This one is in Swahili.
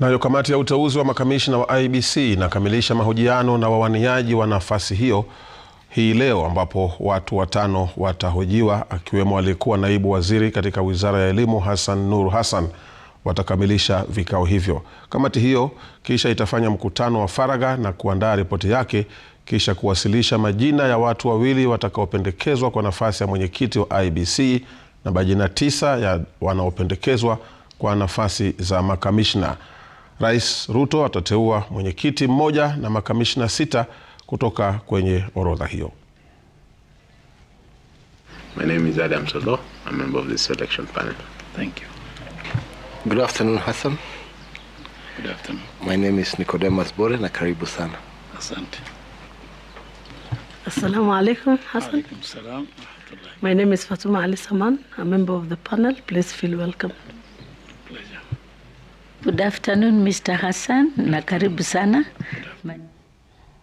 Nayo kamati ya uteuzi wa makamishna wa IEBC inakamilisha mahojiano na wawaniaji wa nafasi hiyo hii leo, ambapo watu watano watahojiwa akiwemo aliyekuwa naibu waziri katika wizara ya elimu Hassan Nur Hassan. Watakamilisha vikao hivyo. Kamati hiyo kisha itafanya mkutano wa faragha na kuandaa ripoti yake, kisha kuwasilisha majina ya watu wawili watakaopendekezwa kwa nafasi ya mwenyekiti wa IEBC na majina tisa ya wanaopendekezwa kwa nafasi za makamishna. Rais Ruto atateua mwenyekiti mmoja na makamishna sita kutoka kwenye orodha hiyo. My name is Adam Solo. I'm a member of the selection panel. Thank you. Good afternoon, Hassan. Good afternoon. My name is Nicodemus Bore na karibu sana. Asante. Assalamu alaikum, Hassan. Alaikum salam. My name is Fatuma Ali Saman, a member of the panel. Please feel welcome. Good afternoon Mr. Hassan na karibu sana.